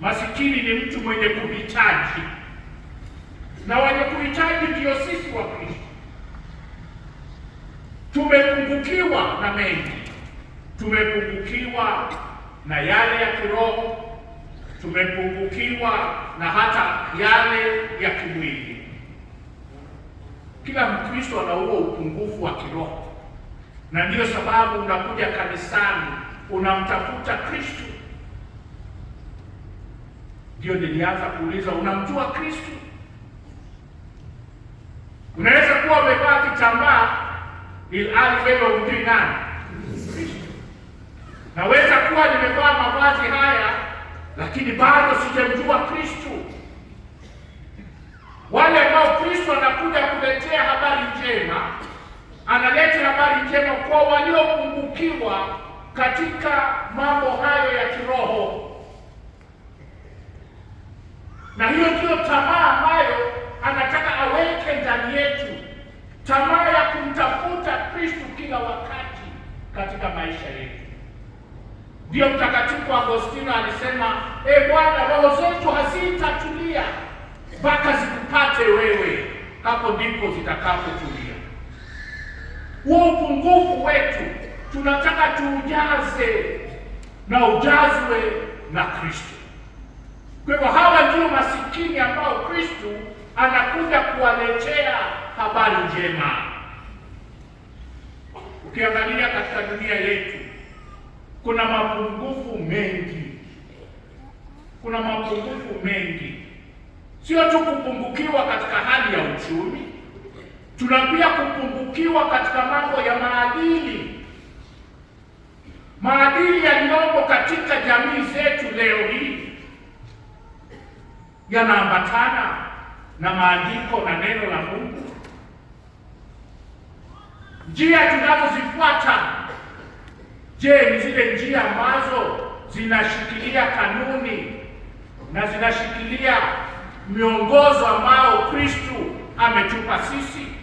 Masikini ni mtu mwenye kuhitaji, na wenye kuhitaji ndio sisi wa Kristo. Tumepungukiwa na mengi, tumepungukiwa na yale ya kiroho, tumepungukiwa na hata yale ya kimwili. Kila Mkristo ana huo upungufu wa kiroho, na ndiyo sababu unakuja kanisani, unamtafuta Kristo ndio nilianza kuuliza, unamjua Kristo? Unaweza kuwa umevaa kitambaa ilhali wewe humjui nani? Kristo. Naweza kuwa nimevaa mavazi haya, lakini bado sijamjua Kristo. Wale ambao Kristo anakuja kuletea habari njema, analeta habari njema kwa waliopungukiwa katika mambo hayo ya kiroho na hiyo ndiyo tamaa ambayo anataka aweke ndani yetu, tamaa ya kumtafuta Kristu kila wakati katika maisha yetu. Ndiyo Mtakatifu Agostino alisema, e Bwana, roho zetu hazitatulia mpaka zikupate wewe, hapo ndipo zitakapotulia. Huo upungufu wetu tunataka tuujaze na ujazwe na Kristo. Kwa hivyo hawa ndio masikini ambao Kristo anakuja kuwaletea habari njema. Ukiangalia katika dunia yetu kuna mapungufu mengi, kuna mapungufu mengi, sio tu kupungukiwa katika hali ya uchumi, tuna pia kupungukiwa katika mambo ya maadili, maadili yaliyopo katika jamii zetu leo hii yanaambatana na maandiko na neno la Mungu. Njia tunazozifuata, je, ni zile njia ambazo zinashikilia kanuni na zinashikilia miongozo ambao Kristu ametupa sisi?